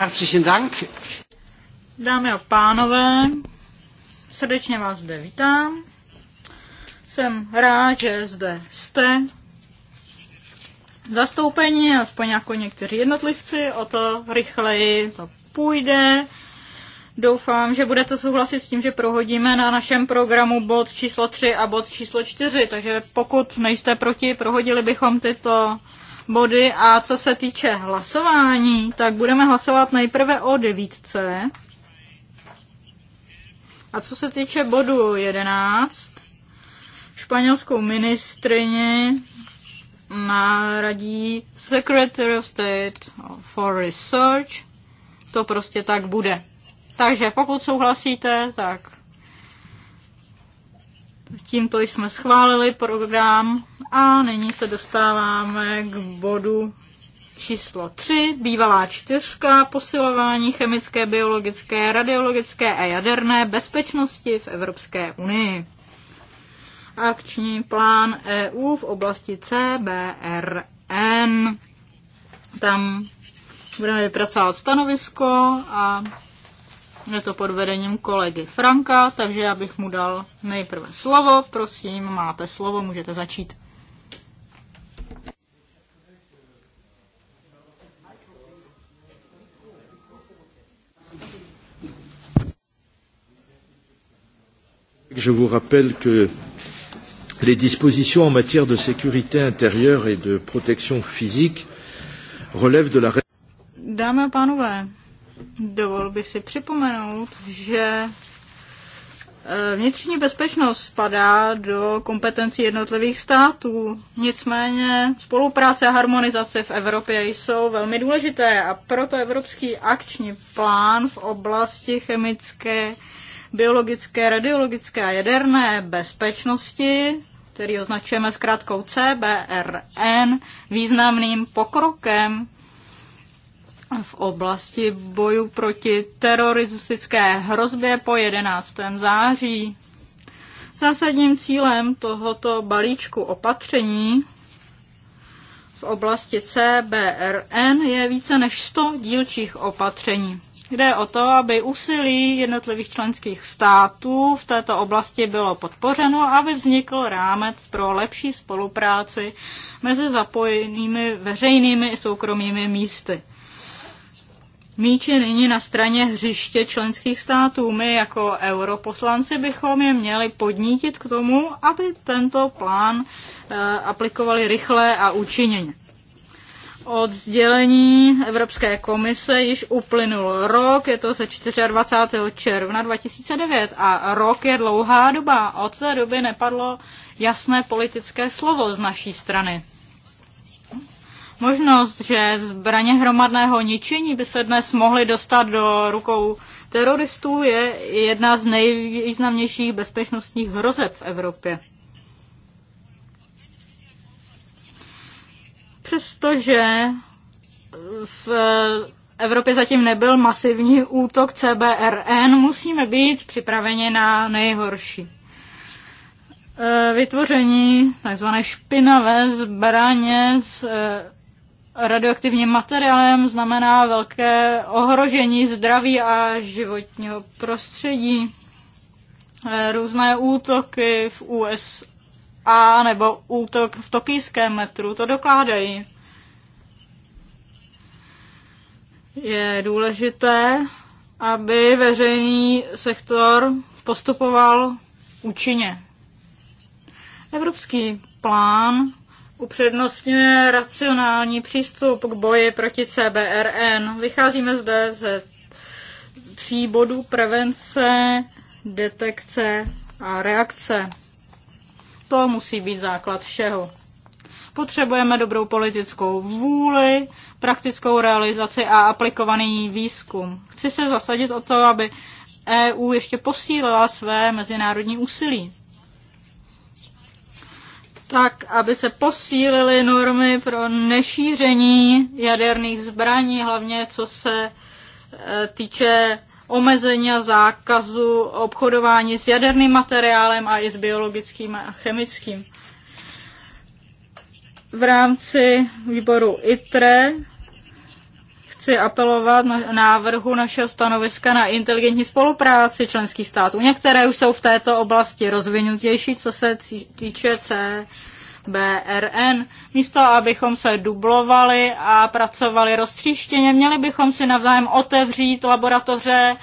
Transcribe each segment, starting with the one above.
Herzlichen Dank. Dámy a pánové, srdečně vás zde vítám. Jsem rád, že zde jste. Zastoupení, aspoň jako někteří jednotlivci, o to rychleji to půjde. Doufám, že budete souhlasit s tím, že prohodíme na našem programu bod číslo 3 a bod číslo 4, takže pokud nejste proti, prohodili bychom tyto body a co se týče hlasování, tak budeme hlasovat nejprve o devítce. A co se týče bodu 11, španělskou ministrině naradí Secretary of State for Research. To prostě tak bude. Takže pokud souhlasíte, tak Tímto jsme schválili program a nyní se dostáváme k bodu číslo 3, bývalá čtyřka, posilování chemické, biologické, radiologické a jaderné bezpečnosti v Evropské unii. Akční plán EU v oblasti CBRN. Tam budeme vypracovat stanovisko a je to pod vedením kolegy Franka, takže já bych mu dal nejprve slovo. Prosím, máte slovo, můžete začít. Je vous rappelle que les dispositions en matière de sécurité intérieure et de protection physique relèvent de la Dámy a pánové, Dovol by si připomenout, že eh, vnitřní bezpečnost spadá do kompetencí jednotlivých států. Nicméně spolupráce a harmonizace v Evropě jsou velmi důležité a proto Evropský akční plán v oblasti chemické, biologické, radiologické a jaderné bezpečnosti který označujeme zkrátkou CBRN, významným pokrokem v oblasti boju proti teroristické hrozbě po 11. září. Zásadním cílem tohoto balíčku opatření v oblasti CBRN je více než 100 dílčích opatření. Jde o to, aby úsilí jednotlivých členských států v této oblasti bylo podpořeno a aby vznikl rámec pro lepší spolupráci mezi zapojenými veřejnými i soukromými místy. Míč je nyní na straně hřiště členských států. My jako europoslanci bychom je měli podnítit k tomu, aby tento plán eh, aplikovali rychle a účinně. Od sdělení Evropské komise již uplynul rok, je to ze 24. června 2009 a rok je dlouhá doba. Od té doby nepadlo jasné politické slovo z naší strany možnost, že zbraně hromadného ničení by se dnes mohly dostat do rukou teroristů, je jedna z nejvýznamnějších bezpečnostních hrozeb v Evropě. Přestože v Evropě zatím nebyl masivní útok CBRN, musíme být připraveni na nejhorší. E, vytvoření tzv. špinavé zbraně z e, radioaktivním materiálem znamená velké ohrožení zdraví a životního prostředí. Eh, různé útoky v USA nebo útok v tokijském metru to dokládají. Je důležité, aby veřejný sektor postupoval účinně. Evropský plán upřednostňuje racionální přístup k boji proti CBRN. Vycházíme zde ze tří bodů prevence, detekce a reakce. To musí být základ všeho. Potřebujeme dobrou politickou vůli, praktickou realizaci a aplikovaný výzkum. Chci se zasadit o to, aby EU ještě posílila své mezinárodní úsilí tak, aby se posílily normy pro nešíření jaderných zbraní, hlavně co se e, týče omezení a zákazu obchodování s jaderným materiálem a i s biologickým a chemickým. V rámci výboru ITRE chci apelovat na návrhu našeho stanoviska na inteligentní spolupráci členských států. Některé už jsou v této oblasti rozvinutější, co se týče C. BRN. Místo, abychom se dublovali a pracovali roztříštěně, měli bychom si navzájem otevřít laboratoře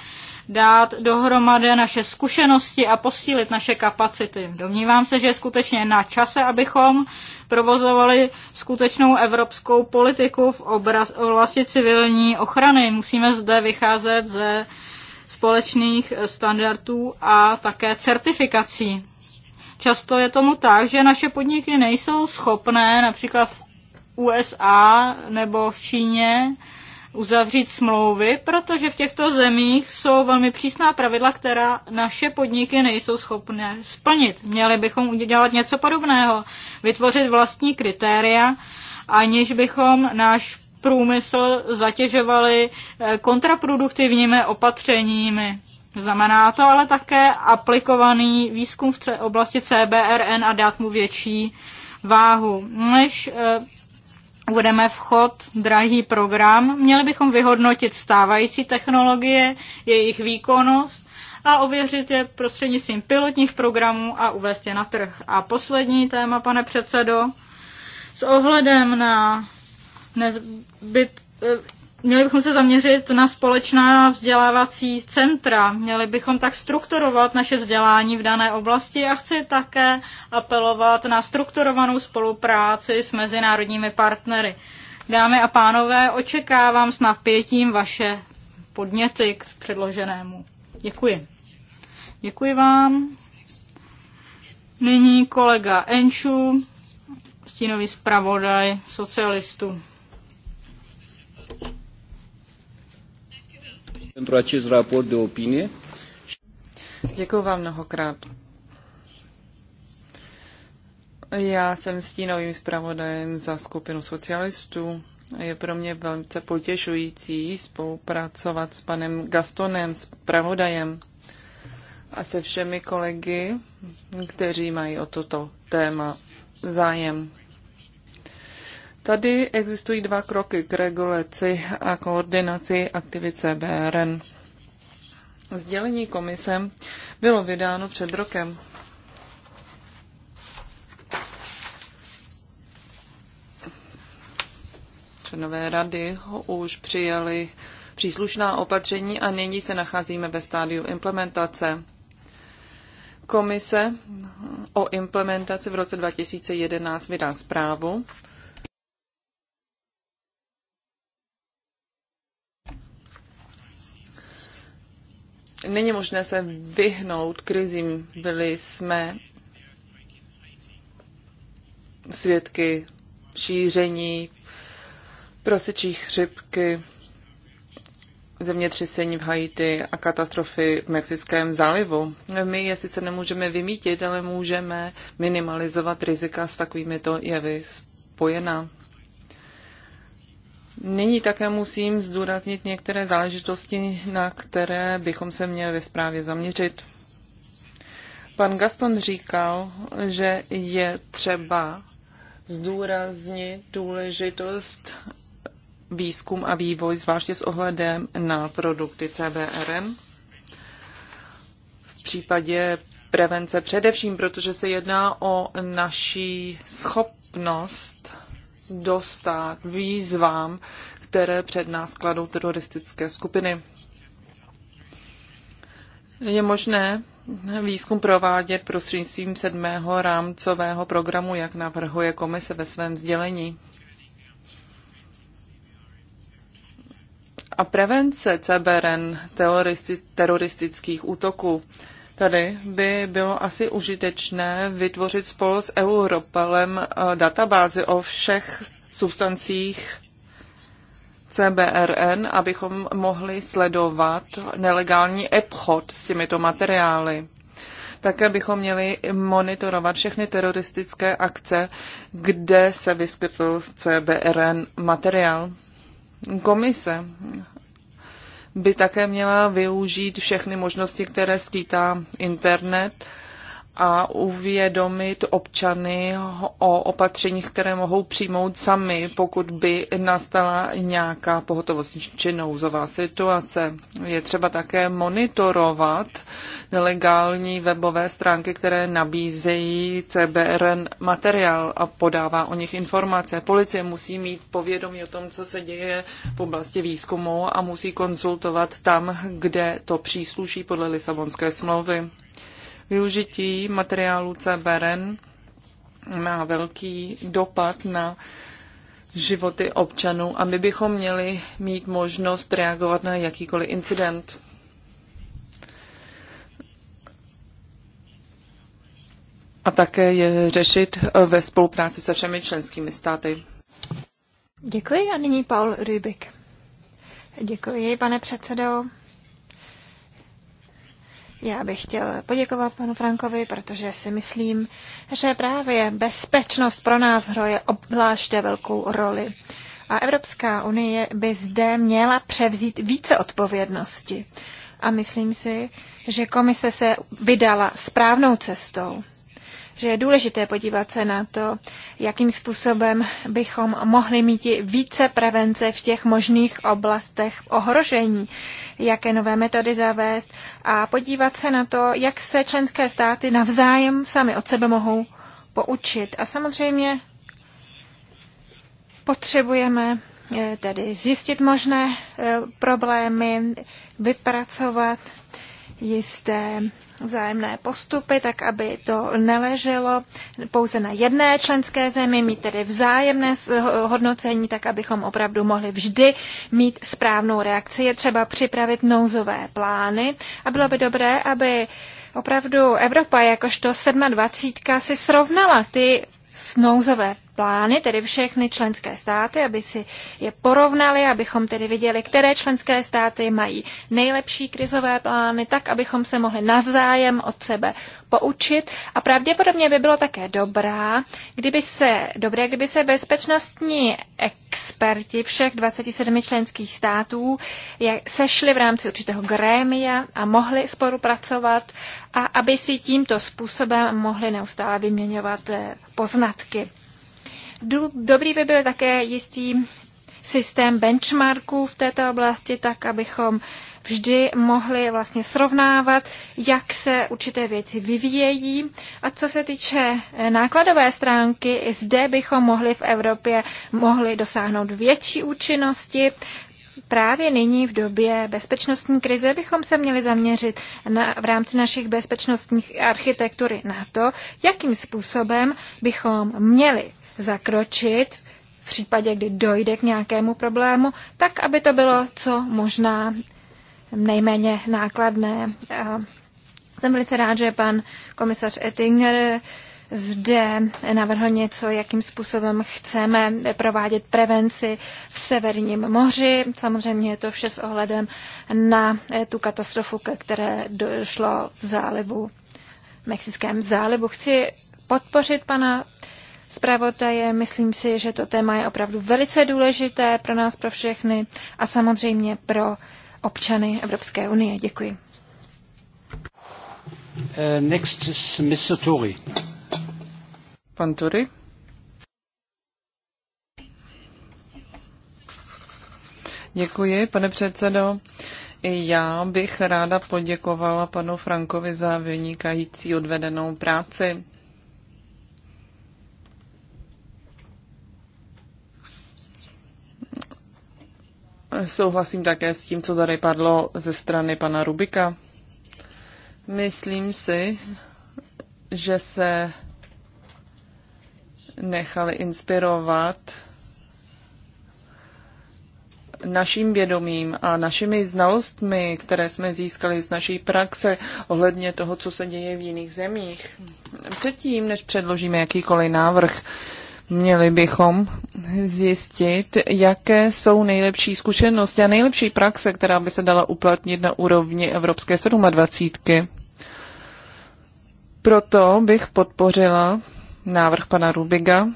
dát dohromady naše zkušenosti a posílit naše kapacity. Domnívám se, že je skutečně na čase, abychom provozovali skutečnou evropskou politiku v oblasti civilní ochrany. Musíme zde vycházet ze společných standardů a také certifikací. Často je tomu tak, že naše podniky nejsou schopné například v USA nebo v Číně uzavřít smlouvy, protože v těchto zemích jsou velmi přísná pravidla, která naše podniky nejsou schopné splnit. Měli bychom udělat něco podobného, vytvořit vlastní kritéria, aniž bychom náš průmysl zatěžovali eh, kontraproduktivními opatřeními. Znamená to ale také aplikovaný výzkum v oblasti CBRN a dát mu větší váhu. Než eh, budeme vchod drahý program, měli bychom vyhodnotit stávající technologie, jejich výkonnost a ověřit je prostřednictvím pilotních programů a uvést je na trh. A poslední téma, pane předsedo, s ohledem na nezbyt, Měli bychom se zaměřit na společná vzdělávací centra. Měli bychom tak strukturovat naše vzdělání v dané oblasti a chci také apelovat na strukturovanou spolupráci s mezinárodními partnery. Dámy a pánové, očekávám s napětím vaše podněty k předloženému. Děkuji. Děkuji vám. Nyní kolega Enšu, stínový zpravodaj socialistů. pentru acest raport de opinie. Děkuji vám mnohokrát. Já jsem stínovým zpravodajem za skupinu socialistů. Je pro mě velmi potěšující spolupracovat s panem Gastonem, pravodajem a se všemi kolegy, kteří mají o toto téma zájem. Tady existují dva kroky k regulaci a koordinaci aktivit CBRN. Sdělení komise bylo vydáno před rokem. Členové rady ho už přijali příslušná opatření a nyní se nacházíme ve stádiu implementace. Komise o implementaci v roce 2011 vydá zprávu není možné se vyhnout krizím. Byli jsme svědky šíření prosečí chřipky, zemětřesení v Haiti a katastrofy v Mexickém zálivu. My je sice nemůžeme vymítit, ale můžeme minimalizovat rizika s takovými to jevy spojená. Nyní také musím zdůraznit některé záležitosti, na které bychom se měli ve zprávě zaměřit. Pan Gaston říkal, že je třeba zdůraznit důležitost výzkum a vývoj, zvláště s ohledem na produkty CBRM. V případě prevence především, protože se jedná o naší schopnost dostat výzvám, které před nás kladou teroristické skupiny. Je možné výzkum provádět prostřednictvím sedmého rámcového programu, jak navrhuje komise ve svém sdělení. A prevence CBRN teroristických útoků Tady by bylo asi užitečné vytvořit spolu s Europelem eh, databázy o všech substancích CBRN, abychom mohli sledovat nelegální obchod s těmito materiály. Také bychom měli monitorovat všechny teroristické akce, kde se vyskytl CBRN materiál. Komise by také měla využít všechny možnosti, které skýtá internet a uvědomit občany o opatřeních, které mohou přijmout sami, pokud by nastala nějaká pohotovostní či nouzová situace. Je třeba také monitorovat nelegální webové stránky, které nabízejí CBRN materiál a podává o nich informace. Policie musí mít povědomí o tom, co se děje v oblasti výzkumu a musí konzultovat tam, kde to přísluší podle Lisabonské smlouvy. Využití materiálu CBRN má velký dopad na životy občanů a my bychom měli mít možnost reagovat na jakýkoliv incident. A také je řešit ve spolupráci se všemi členskými státy. Děkuji a nyní Paul Rybik. Děkuji, pane předsedo. Já bych chtěl poděkovat panu Frankovi, protože si myslím, že právě bezpečnost pro nás hroje obvláště velkou roli. A Evropská unie by zde měla převzít více odpovědnosti. A myslím si, že komise se vydala správnou cestou že je důležité podívat se na to, jakým způsobem bychom mohli mít více prevence v těch možných oblastech ohrožení, jaké nové metody zavést a podívat se na to, jak se členské státy navzájem sami od sebe mohou poučit. A samozřejmě potřebujeme eh, tedy zjistit možné eh, problémy, vypracovat jisté vzájemné postupy, tak aby to neleželo pouze na jedné členské zemi, mít tedy vzájemné hodnocení, tak abychom opravdu mohli vždy mít správnou reakci. Je třeba připravit nouzové plány a bylo by dobré, aby opravdu Evropa jakožto 27. si srovnala ty nouzové plány, tedy všechny členské státy, aby si je porovnali, abychom tedy viděli, které členské státy mají nejlepší krizové plány, tak abychom se mohli navzájem od sebe poučit. A pravděpodobně by bylo také dobrá, kdyby se, dobré, kdyby se bezpečnostní experti všech 27 členských států sešli v rámci určitého grémia a mohli spolupracovat a aby si tímto způsobem mohli neustále vyměňovat eh, poznatky. Dobrý by byl také jistý systém benchmarků v této oblasti, tak abychom vždy mohli vlastně srovnávat, jak se určité věci vyvíjejí. A co se týče eh, nákladové stránky, i zde bychom mohli v Evropě mohli dosáhnout větší účinnosti. Právě nyní v době bezpečnostní krize bychom se měli zaměřit na, v rámci našich bezpečnostních architektury na to, jakým způsobem bychom měli zakročit v případě, kdy dojde k nějakému problému, tak aby to bylo co možná nejméně nákladné. A jsem velice rád, že pan komisař Ettinger zde navrhl něco, jakým způsobem chceme provádět prevenci v Severním moři. Samozřejmě je to vše s ohledem na tu katastrofu, ke které došlo v zálivu, v Mexickém zálivu. Chci podpořit pana zpravodaje. Myslím si, že to téma je opravdu velice důležité pro nás, pro všechny a samozřejmě pro občany Evropské unie. Děkuji. Uh, next is Mr. Pan Turi. Děkuji, pane předsedo. I Já bych ráda poděkovala panu Frankovi za vynikající odvedenou práci. Souhlasím také s tím, co tady padlo ze strany pana Rubika. Myslím si, že se nechali inspirovat naším vědomím a našimi znalostmi, které jsme získali z naší praxe ohledně toho, co se děje v jiných zemích. Předtím, než předložíme jakýkoliv návrh, Měli bychom zjistit, jaké jsou nejlepší zkušenosti a nejlepší praxe, která by se dala uplatnit na úrovni Evropské 27. Proto bych podpořila návrh pana Rubiga,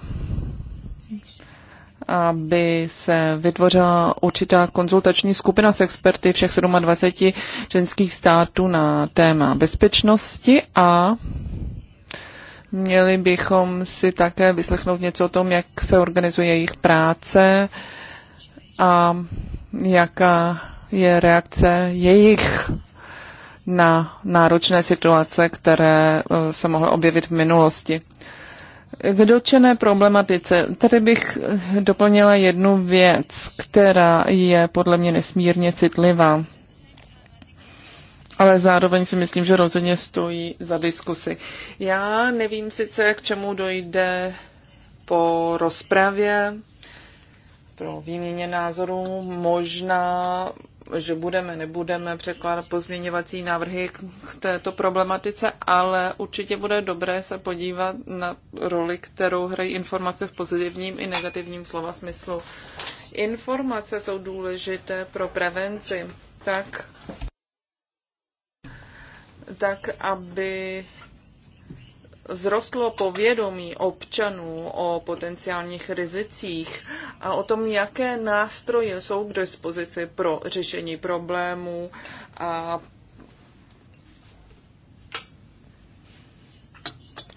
aby se vytvořila určitá konzultační skupina s experty všech 27 ženských států na téma bezpečnosti a Měli bychom si také vyslechnout něco o tom, jak se organizuje jejich práce a jaká je reakce jejich na náročné situace, které eh, se mohly objevit v minulosti. K dotčené problematice. Tady bych doplnila jednu věc, která je podle mě nesmírně citlivá ale zároveň si myslím, že rozhodně stojí za diskusy. Já nevím sice, k čemu dojde po rozpravě, pro výměně názorů, možná, že budeme, nebudeme překládat pozměňovací návrhy k této problematice, ale určitě bude dobré se podívat na roli, kterou hrají informace v pozitivním i negativním slova smyslu. Informace jsou důležité pro prevenci, tak tak aby zrostlo povědomí občanů o potenciálních rizicích a o tom, jaké nástroje jsou k dispozici pro řešení problémů a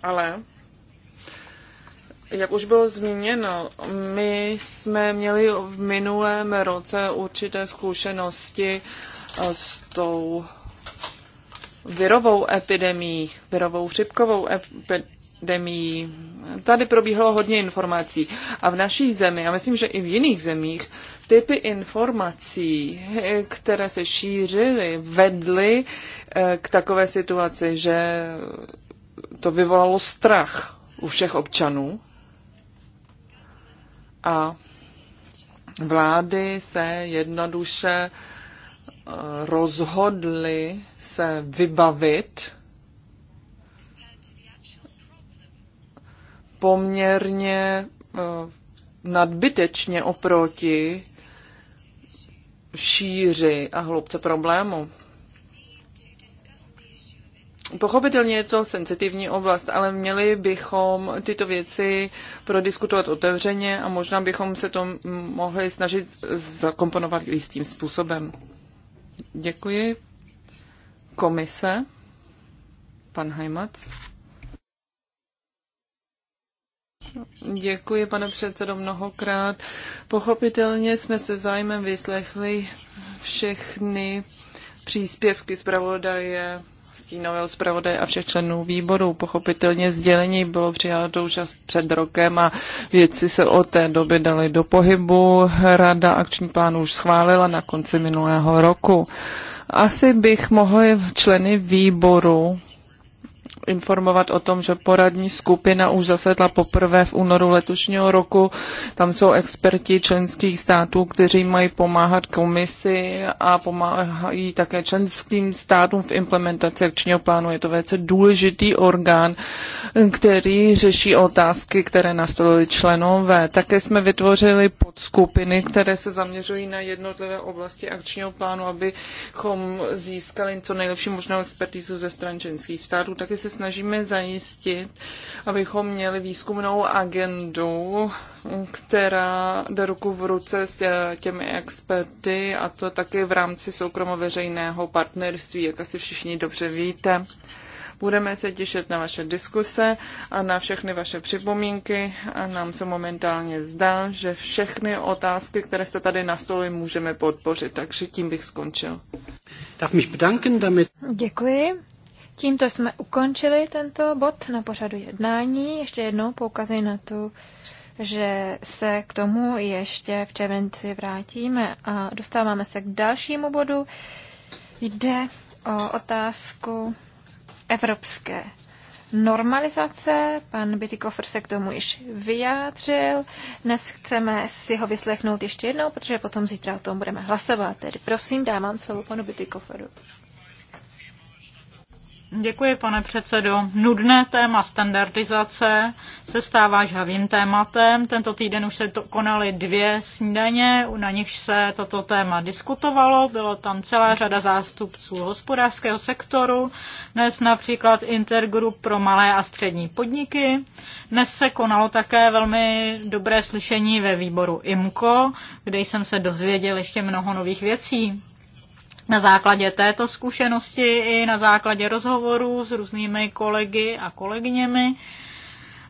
ale jak už bylo zmíněno, my jsme měli v minulém roce určité zkušenosti eh, s tou virovou epidemii, virovou chřipkovou epidemii. Tady probíhalo hodně informací. A v naší zemi, a myslím, že i v jiných zemích, typy informací, které se šířily, vedly eh, k takové situaci, že to vyvolalo strach u všech občanů. A vlády se jednoduše uh, rozhodli se vybavit poměrně eh, nadbytečně oproti šíři a hloubce problému. Pochopitelně je to sensitivní oblast, ale měli bychom tyto věci prodiskutovat otevřeně a možná bychom se to mohli snažit zakomponovat jistým způsobem. Děkuji. Komise, pan Hajmac. Děkuji, pane předsedo, mnohokrát. Pochopitelně jsme se zájmem vyslechli všechny příspěvky zpravodaje stínového zpravodaje a všech členů výboru. Pochopitelně sdělení bylo přijato už před rokem a věci se od té doby daly do pohybu. Rada akční plán už schválila na konci minulého roku. Asi bych mohl členy výboru informovat o tom, že poradní skupina už zasedla poprvé v únoru letošního roku. Tam jsou experti členských států, kteří mají pomáhat komisi a pomáhají také členským státům v implementaci akčního plánu. Je to velice důležitý orgán, který řeší otázky, které nastolili členové. Také jsme vytvořili podskupiny, které se zaměřují na jednotlivé oblasti akčního plánu, abychom získali co nejlepší možnou expertizu ze stran členských států. Taky se snažíme zajistit, abychom měli výzkumnou agendu, která jde ruku v ruce s těmi experty a to také v rámci soukromo-veřejného partnerství, jak asi všichni dobře víte. Budeme se těšit na vaše diskuse a na všechny vaše připomínky a nám se momentálně zdá, že všechny otázky, které jste tady na stole, můžeme podpořit, takže tím bych skončil. Darf mich bedanken damit. Děkuji. Tímto jsme ukončili tento bod na pořadu jednání. Ještě jednou poukazy na to, že se k tomu ještě v červenci vrátíme a dostáváme se k dalšímu bodu. Jde o otázku evropské normalizace. Pan Bytikofer se k tomu již vyjádřil. Dnes chceme si ho vyslechnout ještě jednou, protože potom zítra o tom budeme hlasovat. Tedy prosím, dávám slovo panu Bytikoferu. Děkuji, pane předsedo. Nudné téma standardizace se stává žhavým tématem. Tento týden už se to konaly dvě snídaně, na nich se toto téma diskutovalo. Bylo tam celá řada zástupců hospodářského sektoru, dnes například Intergroup pro malé a střední podniky. Dnes se konalo také velmi dobré slyšení ve výboru IMCO, kde jsem se dozvěděl ještě mnoho nových věcí. Na základě této zkušenosti i na základě rozhovorů s různými kolegy a kolegyněmi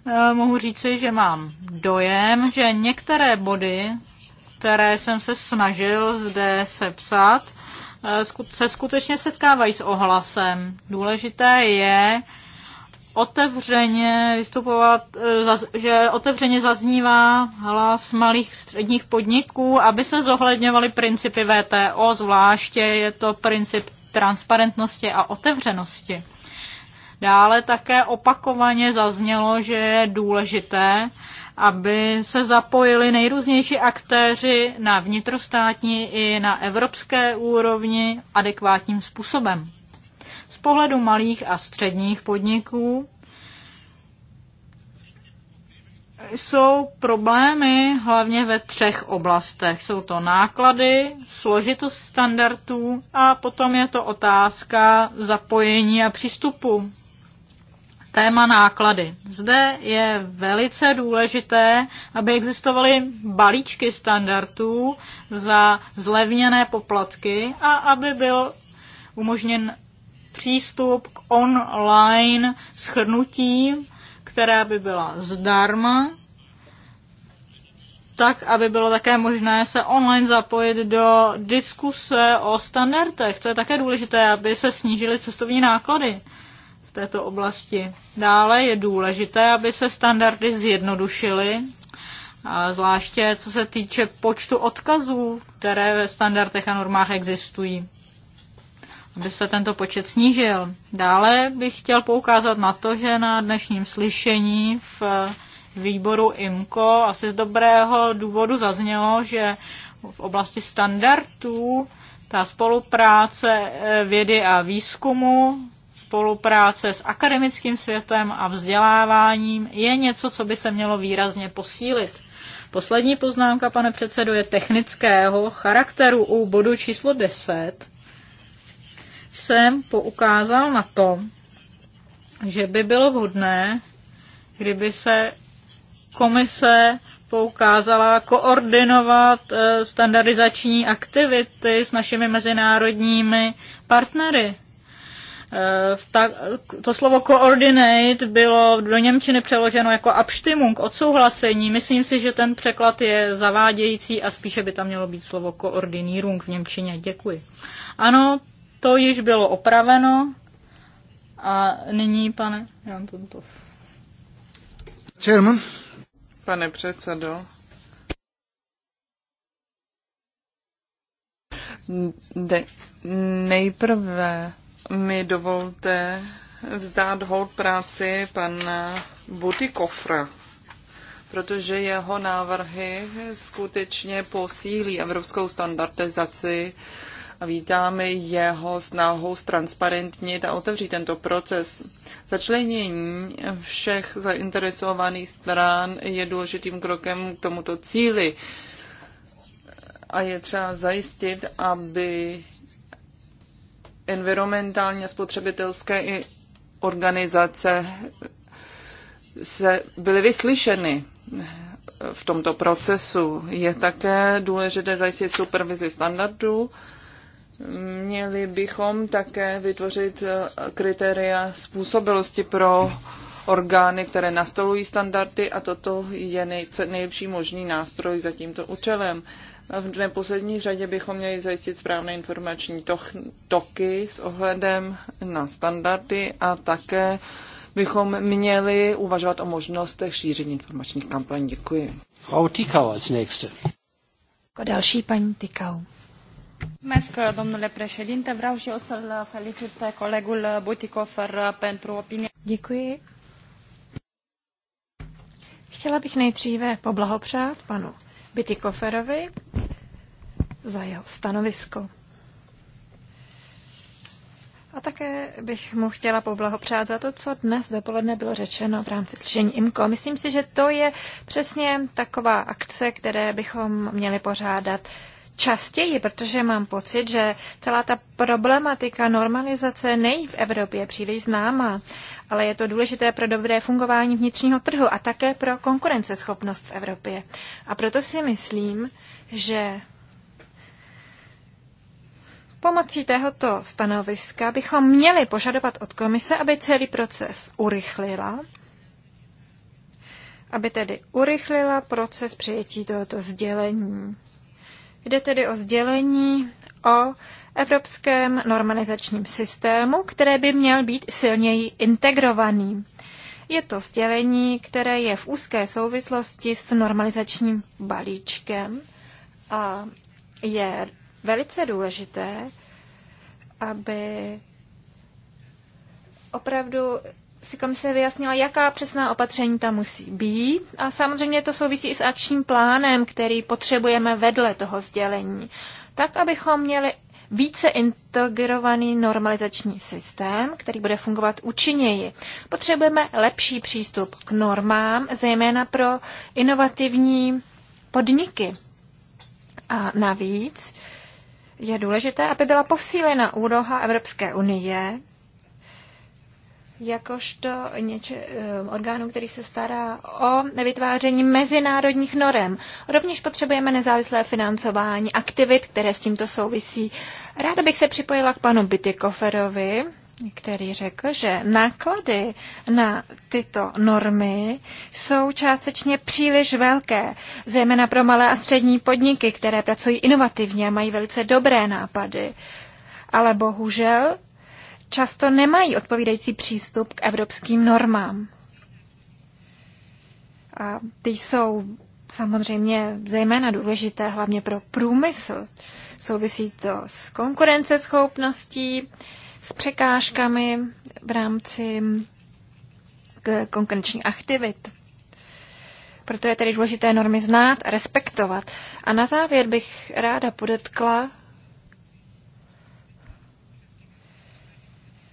eh, mohu říci, že mám dojem, že některé body, které jsem se snažil zde sepsat, eh, se skutečně setkávají s ohlasem. Důležité je otevřeně vystupovat, eh, že otevřeně zaznívá hlas malých středních podniků, aby se zohledňovaly principy VTO, zvláště je to princip transparentnosti a otevřenosti. Dále také opakovaně zaznělo, že je důležité, aby se zapojili nejrůznější aktéři na vnitrostátní i na evropské úrovni adekvátním způsobem pohledu malých a středních podniků jsou problémy hlavně ve třech oblastech. Jsou to náklady, složitost standardů a potom je to otázka zapojení a přístupu. Téma náklady. Zde je velice důležité, aby existovaly balíčky standardů za zlevněné poplatky a aby byl umožněn přístup k online schrnutí, která by byla zdarma, tak, aby bylo také možné se online zapojit do diskuse o standardech. To je také důležité, aby se snížily cestovní náklady v této oblasti. Dále je důležité, aby se standardy zjednodušily, zvláště co se týče počtu odkazů, které ve standardech a normách existují by se tento počet snížil. Dále bych chtěl poukázat na to, že na dnešním slyšení v výboru IMCO asi z dobrého důvodu zaznělo, že v oblasti standardů ta spolupráce vědy a výzkumu, spolupráce s akademickým světem a vzděláváním je něco, co by se mělo výrazně posílit. Poslední poznámka, pane předsedo, je technického charakteru u bodu číslo 10 jsem poukázal na to, že by bylo vhodné, kdyby se komise poukázala koordinovat eh, standardizační aktivity s našimi mezinárodními partnery. Eh, to slovo coordinate bylo do Němčiny přeloženo jako abstimmung, odsouhlasení. Myslím si, že ten překlad je zavádějící a spíše by tam mělo být slovo koordinírung v Němčině. Děkuji. Ano, to již bylo opraveno a nyní, pane Jan Tuntov. Chairman. Pane předsedo, De, nejprve mi dovolte vzdát hold práci pana Butikofra, protože jeho návrhy skutečně posílí evropskou standardizaci a vítáme jeho snahu ztransparentnit a otevřít tento proces. Začlenění všech zainteresovaných stran je důležitým krokem k tomuto cíli a je třeba zajistit, aby environmentálně spotřebitelské organizace se byly vyslyšeny v tomto procesu. Je také důležité zajistit supervizi standardů Měli bychom také vytvořit eh, kritéria způsobilosti pro orgány, které nastolují standardy a toto je nejlepší možný nástroj za tímto účelem. V neposlední řadě bychom měli zajistit správné informační toky s ohledem na standardy a také bychom měli uvažovat o možnostech šíření informačních kampaní. Děkuji. Frau Tikau als nächste. Jako další paní Tikau. Mulțumesc, domnule președinte. Vreau și eu să-l felicit pe colegul Butikofer pentru Děkuji. Chtěla bych nejdříve poblahopřát panu Bitikoferovi za jeho stanovisko. A také bych mu chtěla poblahopřát za to, co dnes dopoledne bylo řečeno v rámci slyšení IMCO. Myslím si, že to je přesně taková akce, které bychom měli pořádat častěji, protože mám pocit, že celá ta problematika normalizace není v Evropě příliš známá, ale je to důležité pro dobré fungování vnitřního trhu a také pro konkurenceschopnost v Evropě. A proto si myslím, že Pomocí tohoto stanoviska bychom měli požadovat od komise, aby celý proces urychlila, aby tedy urychlila proces přijetí tohoto sdělení. Jde tedy o sdělení o evropském normalizačním systému, které by měl být silněji integrovaný. Je to sdělení, které je v úzké souvislosti s normalizačním balíčkem a je velice důležité, aby opravdu si komise vyjasnila, jaká přesná opatření tam musí být. A samozřejmě to souvisí i s akčním plánem, který potřebujeme vedle toho sdělení. Tak, abychom měli více integrovaný normalizační systém, který bude fungovat účinněji. Potřebujeme lepší přístup k normám, zejména pro inovativní podniky. A navíc je důležité, aby byla posílena úroha Evropské unie jakožto něče, eh, orgánu, který se stará o vytváření mezinárodních norem. Rovněž potřebujeme nezávislé financování aktivit, které s tímto souvisí. Ráda bych se připojila k panu Bitykoferovi, který řekl, že náklady na tyto normy jsou částečně příliš velké, zejména pro malé a střední podniky, které pracují inovativně a mají velice dobré nápady. Ale bohužel často nemají odpovídající přístup k evropským normám. A ty jsou samozřejmě zejména důležité hlavně pro průmysl. Souvisí to s konkurenceschopností, s překážkami v rámci konkurenčních aktivit. Proto je tedy důležité normy znát a respektovat. A na závěr bych ráda podotkla,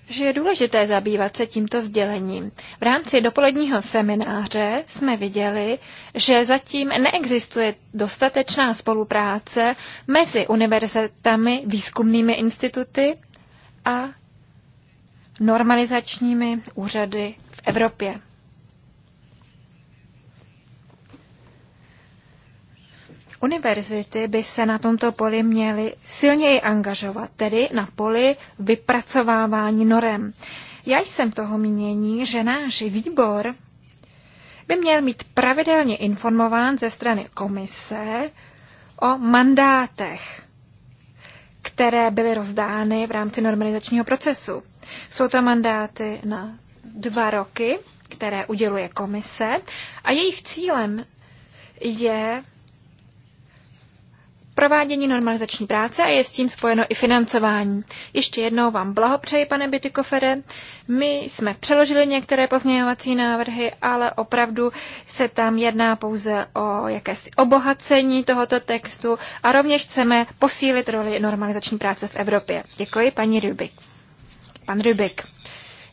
že je důležité zabývat se tímto sdělením. V rámci dopoledního semináře jsme viděli, že zatím neexistuje dostatečná spolupráce mezi univerzitami, výzkumnými instituty a normalizačními úřady v Evropě. Univerzity by se na tomto poli měly silněji angažovat, tedy na poli vypracovávání norem. Já jsem toho mínění, že náš výbor by měl mít pravidelně informován ze strany komise o mandátech, které byly rozdány v rámci normalizačního procesu. Jsou to mandáty na dva roky, které uděluje komise a jejich cílem je provádění normalizační práce a je s tím spojeno i financování. Ještě jednou vám blahopřeji, pane Bytykofere. My jsme přeložili některé pozměňovací návrhy, ale opravdu se tam jedná pouze o jakési obohacení tohoto textu a rovněž chceme posílit roli normalizační práce v Evropě. Děkuji, paní Rybik. Pan Rybik.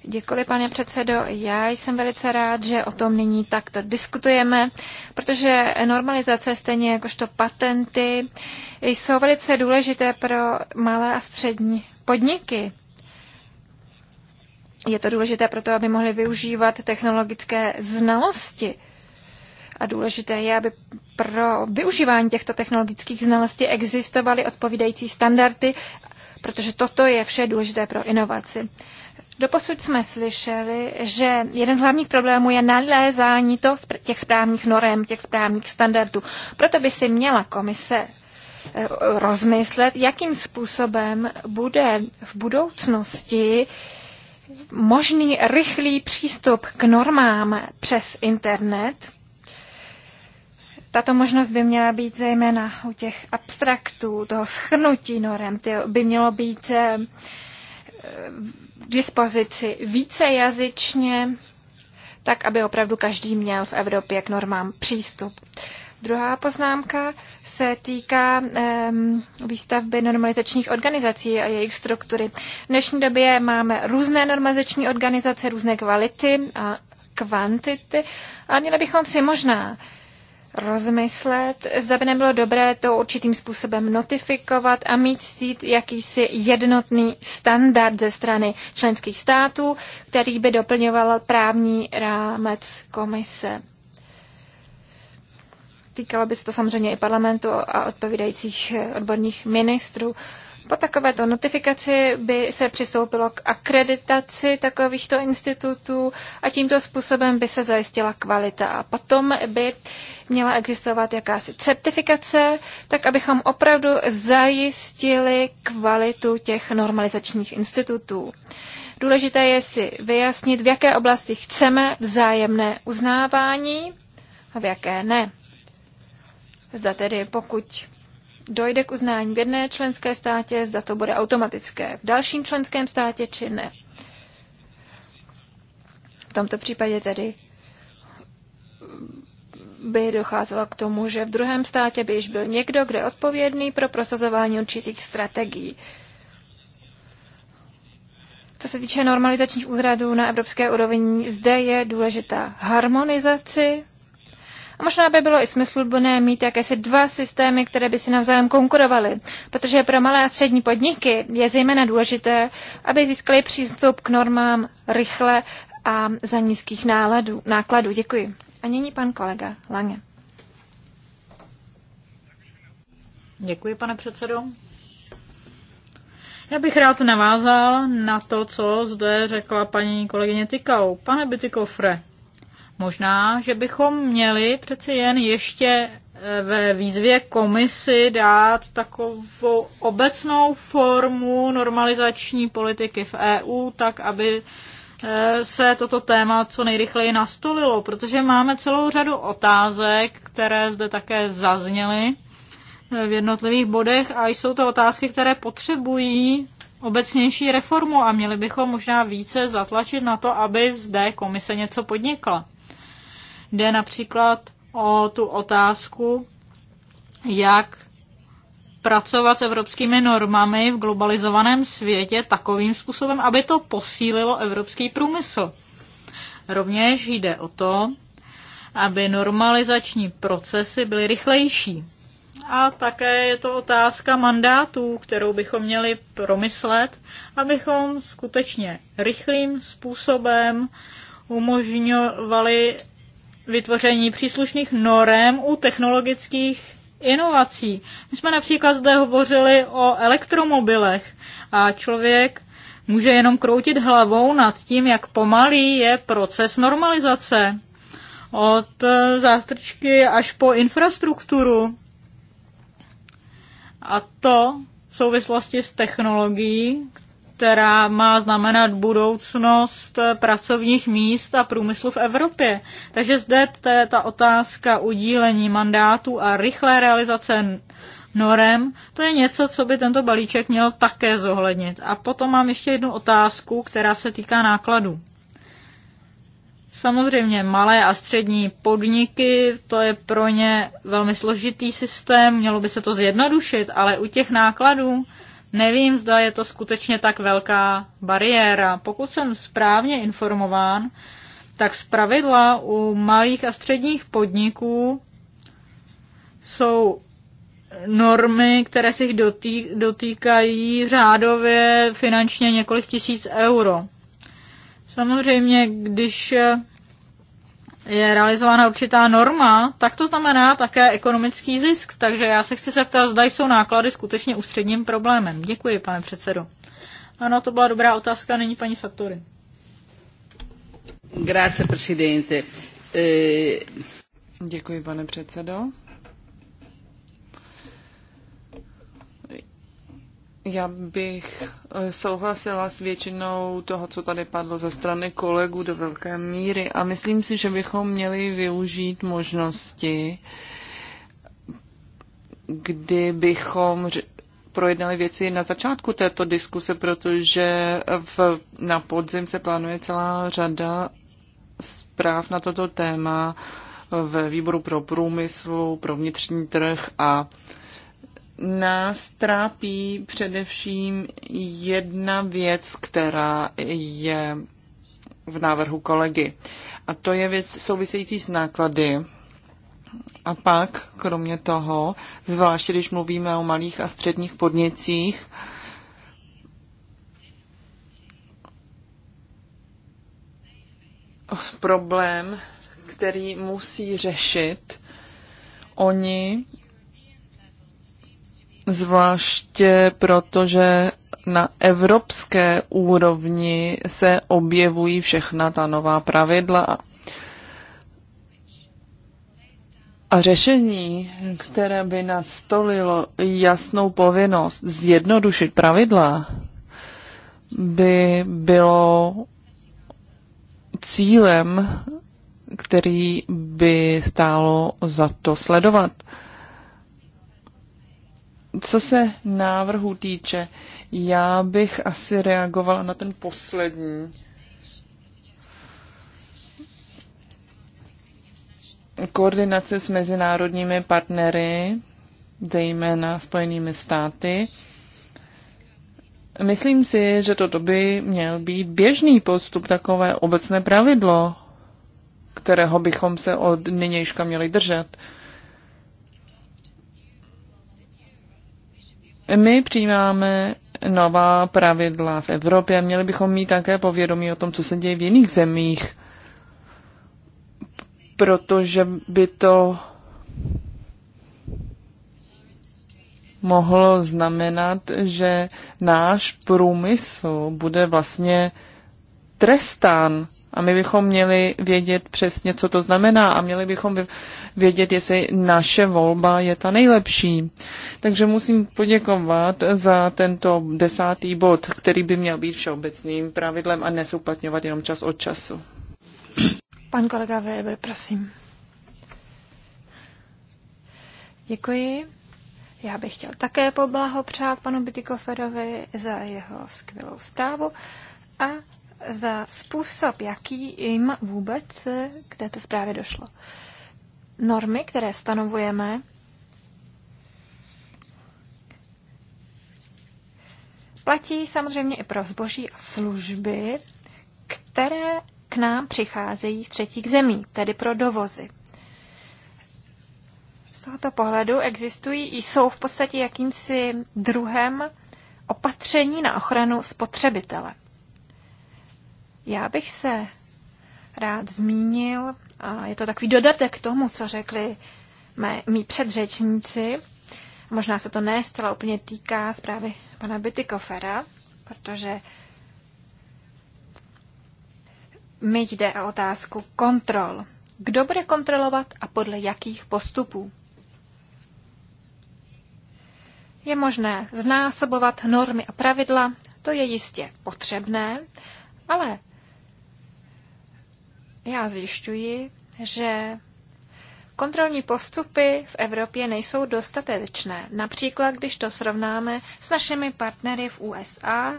Děkuji, pane předsedo. Já jsem velice rád, že o tom nyní takto diskutujeme, protože normalizace, stejně jakožto patenty, jsou velice důležité pro malé a střední podniky. Je to důležité proto, aby mohli využívat technologické znalosti. A důležité je, aby pro využívání těchto technologických znalostí existovaly odpovídající standardy, protože toto je vše důležité pro inovaci. Doposud jsme slyšeli, že jeden z hlavních problémů je nalézání to, těch správných norem, těch správných standardů. Proto by si měla komise eh, rozmyslet, jakým způsobem bude v budoucnosti možný rychlý přístup k normám přes internet. Tato možnost by měla být zejména u těch abstraktů, toho schrnutí norem, by mělo být eh, v dispozici vícejazyčně, tak aby opravdu každý měl v Evropě k normám přístup. Druhá poznámka se týká um, výstavby normalizačních organizací a jejich struktury. V dnešní době máme různé normalizační organizace, různé kvality a kvantity a měli bychom si možná uh, rozmyslet, zda by nebylo dobré to určitým způsobem notifikovat a mít cít jakýsi jednotný standard ze strany členských států, který by doplňoval právní rámec komise. Týkalo by se to samozřejmě i parlamentu a odpovídajících odborných ministrů. Po takovéto notifikaci by se přistoupilo k akreditaci takovýchto institutů a tímto způsobem by se zajistila kvalita. A potom by měla existovat jakási certifikace, tak abychom opravdu zajistili kvalitu těch normalizačních institutů. Důležité je si vyjasnit, v jaké oblasti chceme vzájemné uznávání a v jaké ne. Zda tedy pokud dojde k uznání v jedné členské státě, zda to bude automatické v dalším členském státě či ne. V tomto případě tedy by docházelo k tomu, že v druhém státě by již byl někdo, kdo je odpovědný pro prosazování určitých strategií. Co se týče normalizačních úhradů na evropské úrovni, zde je důležitá harmonizaci a možná by bylo i smysluplné mít jakési dva systémy, které by si navzájem konkurovaly, protože pro malé a střední podniky je zejména důležité, aby získali přístup k normám rychle a za nízkých náladů, nákladů. Děkuji. A nyní pan kolega Lange. Děkuji, pane předsedo. Já bych rád navázal na to, co zde řekla paní kolegyně Tykau. Pane Bytykofre, Možná, že bychom měli přeci jen ještě eh, ve výzvě komisy dát takovou obecnou formu normalizační politiky v EU, tak aby eh, se toto téma co nejrychleji nastolilo, protože máme celou řadu otázek, které zde také zazněly eh, v jednotlivých bodech a jsou to otázky, které potřebují obecnější reformu a měli bychom možná více zatlačit na to, aby zde komise něco podnikla. Jde například o tu otázku, jak pracovat s evropskými normami v globalizovaném světě takovým způsobem, aby to posílilo evropský průmysl. Rovněž jde o to, aby normalizační procesy byly rychlejší. A také je to otázka mandátů, kterou bychom měli promyslet, abychom skutečně rychlým způsobem umožňovali vytvoření příslušných norem u technologických inovací. My jsme například zde hovořili o elektromobilech a člověk může jenom kroutit hlavou nad tím, jak pomalý je proces normalizace. Od eh, zástrčky až po infrastrukturu. A to v souvislosti s technologií, která má znamenat budoucnost pracovních míst a průmyslu v Evropě. Takže zde je ta otázka udílení mandátů a rychlé realizace norem, to je něco, co by tento balíček měl také zohlednit. A potom mám ještě jednu otázku, která se týká nákladů. Samozřejmě malé a střední podniky, to je pro ně velmi složitý systém, mělo by se to zjednodušit, ale u těch nákladů Nevím, zda je to skutečně tak velká bariéra. Pokud jsem správně informován, tak pravidla u malých a středních podniků jsou normy, které se jich dotý, dotýkají řádově finančně několik tisíc euro. Samozřejmě, když je realizována určitá norma, tak to znamená také ekonomický zisk. Takže já se chci zeptat, zda jsou náklady skutečně ústředním problémem. Děkuji, pane předsedo. Ano, to byla dobrá otázka, není paní Satory. Grazie, presidente. E... Děkuji, pane předsedo. Já bych eh, souhlasila s většinou toho, co tady padlo ze strany kolegů do velké míry a myslím si, že bychom měli využít možnosti, kdybychom projednali věci na začátku této diskuse, protože v, na podzim se plánuje celá řada zpráv na toto téma ve výboru pro průmysl, pro vnitřní trh a uh, nás trápí především jedna věc, která je v návrhu kolegy. A to je věc související s náklady. A pak, kromě toho, zvláště když mluvíme o malých a středních podnicích, problém, který musí řešit oni zvláště proto, že na evropské úrovni se objevují všechna ta nová pravidla. A řešení, které by nastolilo jasnou povinnost zjednodušit pravidla, by bylo cílem, který by stálo za to sledovat co se návrhu týče, já bych asi reagovala na ten poslední. Koordinace s mezinárodními partnery, zejména Spojenými státy. Myslím si, že toto by měl být běžný postup, takové obecné pravidlo, kterého bychom se od nynějška měli držet. Uh, My přijímáme nová pravidla v Evropě a měli bychom mít také povědomí o tom, co se děje v jiných zemích, protože by to mohlo znamenat, že náš průmysl bude vlastně trestán. A my bychom měli vědět přesně, co to znamená a měli bychom vědět, jestli naše volba je ta nejlepší. Takže musím poděkovat za tento desátý bod, který by měl být všeobecným pravidlem a nesouplatňovat jenom čas od času. Pan kolega Weber, prosím. Děkuji. Já bych chtěl také poblahopřát panu Bitykoferovi za jeho skvělou zprávu a za způsob, jaký jim vůbec eh, k této zprávě došlo. Normy, které stanovujeme, platí samozřejmě i pro zboží a služby, které k nám přicházejí z třetích zemí, tedy pro dovozy. Z tohoto pohledu existují i jsou v podstatě jakýmsi druhem opatření na ochranu spotřebitele. Já bych se rád zmínil, a je to takový dodatek k tomu, co řekli mé, mý předřečníci, možná se to ne zcela úplně týká zprávy pana Bytykofera, protože mi jde o otázku kontrol. Kdo bude kontrolovat a podle jakých postupů? Je možné znásobovat normy a pravidla, to je jistě potřebné, ale já zjišťuji, že kontrolní postupy v Evropě nejsou dostatečné. Například, když to srovnáme s našimi partnery v USA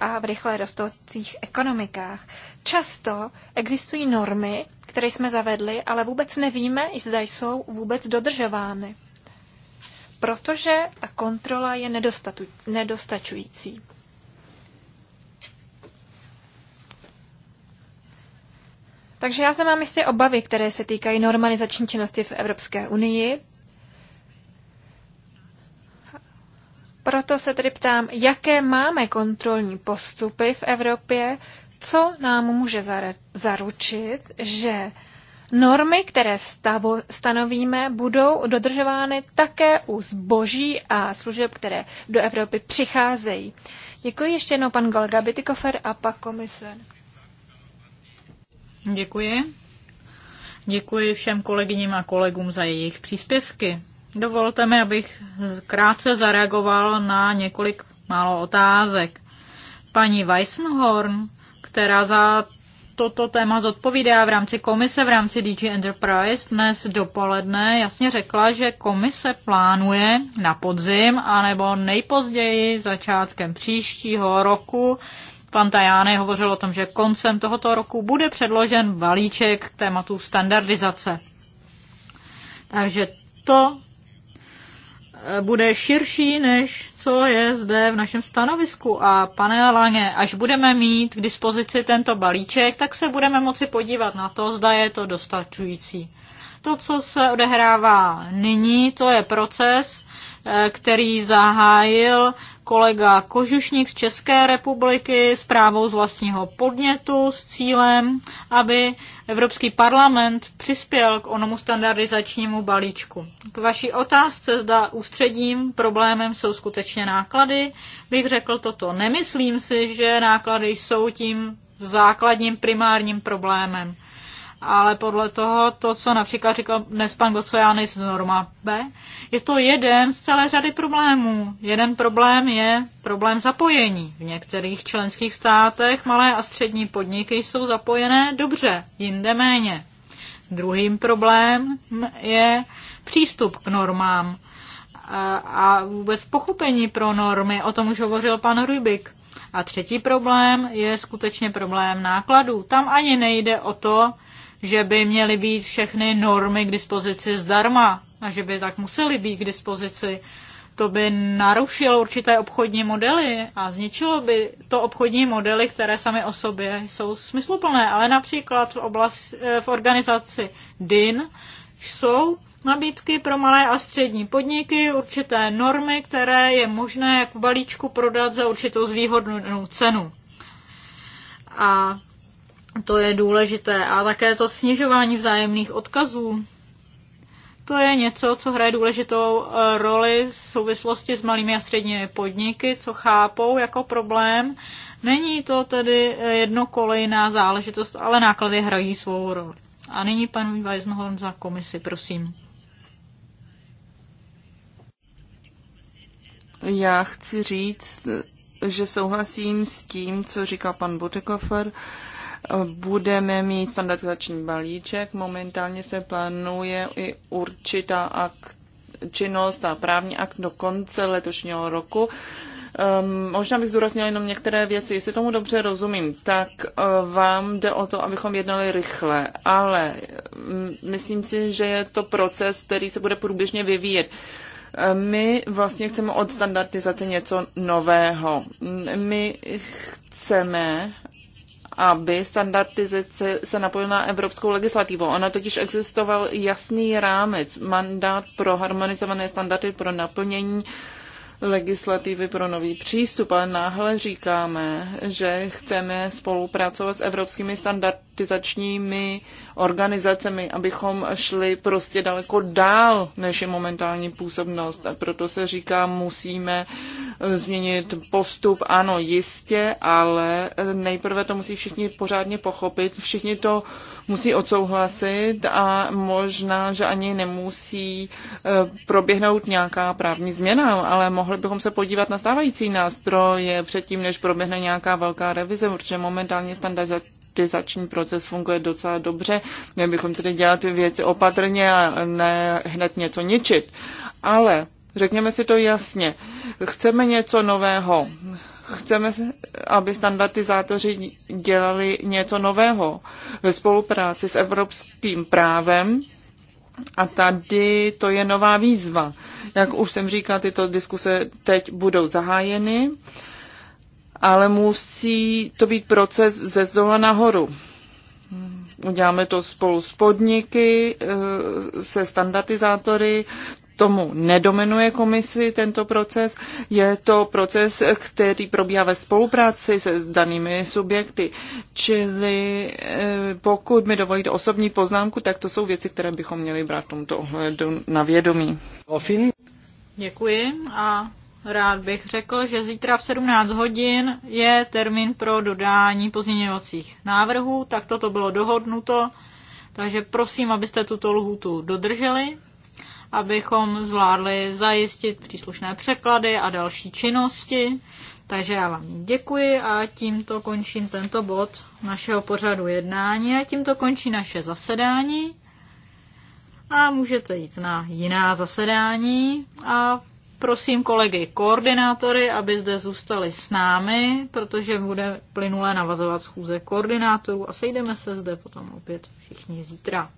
a v rychle rostoucích ekonomikách. Často existují normy, které jsme zavedli, ale vůbec nevíme, zda jsou vůbec dodržovány. Protože ta kontrola je nedostačující. Takže já zde mám jistě obavy, které se týkají normalizační činnosti v Evropské unii. Proto se tedy ptám, jaké máme kontrolní postupy v Evropě, co nám může zaručit, že normy, které stavu, stanovíme, budou dodržovány také u zboží a služeb, které do Evropy přicházejí. Děkuji ještě jednou pan Golga Bitikofer a pak komise. Děkuji. Děkuji všem kolegyním a kolegům za jejich příspěvky. Dovolte mi, abych krátce zareagoval na několik málo otázek. Paní Weissenhorn, která za toto téma zodpovídá v rámci komise, v rámci DG Enterprise dnes dopoledne jasně řekla, že komise plánuje na podzim anebo nejpozději začátkem příštího roku Pan Tajány hovořil o tom, že koncem tohoto roku bude předložen balíček k tématu standardizace. Takže to eh, bude širší, než co je zde v našem stanovisku. A pane Lange, až budeme mít k dispozici tento balíček, tak se budeme moci podívat na to, zda je to dostačující. To, co se odehrává nyní, to je proces, eh, který zahájil kolega Kožušník z České republiky právou z vlastního podnětu s cílem, aby Evropský parlament přispěl k onomu standardizačnímu balíčku. K vaší otázce, zda ústředním problémem jsou skutečně náklady, bych řekl toto. Nemyslím si, že náklady jsou tím základním primárním problémem ale podle toho, to, co například říkal dnes pan Gocojány z Norma B, je to jeden z celé řady problémů. Jeden problém je problém zapojení. V některých členských státech malé a střední podniky jsou zapojené dobře, jinde méně. Druhým problém je přístup k normám a vůbec pochopení pro normy. O tom už hovořil pan Rubik. A třetí problém je skutečně problém nákladů. Tam ani nejde o to, že by měly být všechny normy k dispozici zdarma a že by tak musely být k dispozici. To by narušilo určité obchodní modely a zničilo by to obchodní modely, které sami o sobě jsou smysluplné. Ale například v, oblast, eh, v organizaci DIN jsou nabídky pro malé a střední podniky, určité normy, které je možné jak v balíčku prodat za určitou zvýhodnou cenu. A to je důležité. A také to snižování vzájemných odkazů. To je něco, co hraje důležitou eh, roli v souvislosti s malými a středními podniky, co chápou jako problém. Není to tedy eh, jednokolejná záležitost, ale náklady hrají svou roli. A nyní pan Weisenhorn za komisi, prosím. Já chci říct, že souhlasím s tím, co říká pan Botekofer budeme mít standardizační balíček. Momentálně se plánuje i určitá akt, činnost a právní akt do konce letošního roku. Um, možná bych zdůraznil jenom některé věci. Jestli tomu dobře rozumím, tak uh, vám jde o to, abychom jednali rychle, ale um, myslím si, že je to proces, který se bude průběžně vyvíjet. Um, my vlastně chceme od standardizace něco nového. My chceme, aby standardizace se napojila na evropskou legislativu. Ona totiž existoval jasný rámec, mandát pro harmonizované standardy pro naplnění legislativy pro nový přístup, ale náhle říkáme, že chceme spolupracovat s evropskými standardy amortizačními organizacemi, abychom šli prostě daleko dál, než je momentální působnost. A proto se říká, musíme změnit postup. Ano, jistě, ale nejprve to musí všichni pořádně pochopit. Všichni to musí odsouhlasit a možná, že ani nemusí eh, proběhnout nějaká právní změna, ale mohli bychom se podívat na stávající nástroje předtím, než proběhne nějaká velká revize, protože momentálně standardizace demokratizační proces funguje docela dobře. Měli bychom tedy dělat ty věci opatrně a ne hned něco ničit. Ale řekněme si to jasně. Chceme něco nového. Chceme, aby standardizátoři dělali něco nového ve spolupráci s evropským právem, a tady to je nová výzva. Jak už jsem říkala, tyto diskuse teď budou zahájeny ale musí to být proces ze zdola nahoru. Uděláme to spolu s podniky, eh, se standardizátory, tomu nedomenuje komisi tento proces. Je to proces, který probíhá ve spolupráci se danými subjekty. Čili eh, pokud mi dovolíte osobní poznámku, tak to jsou věci, které bychom měli brát v tomto ohledu na vědomí. Děkuji a rád bych řekl, že zítra v 17 hodin je termín pro dodání pozměňovacích návrhů, tak toto bylo dohodnuto, takže prosím, abyste tuto lhůtu dodrželi, abychom zvládli zajistit příslušné překlady a další činnosti. Takže já vám děkuji a tímto končím tento bod našeho pořadu jednání a tímto končí naše zasedání. A můžete jít na jiná zasedání a Prosím kolegy koordinátory, aby zde zůstali s námi, protože bude plynule navazovat schůze koordinátorů a sejdeme se zde potom opět všichni zítra.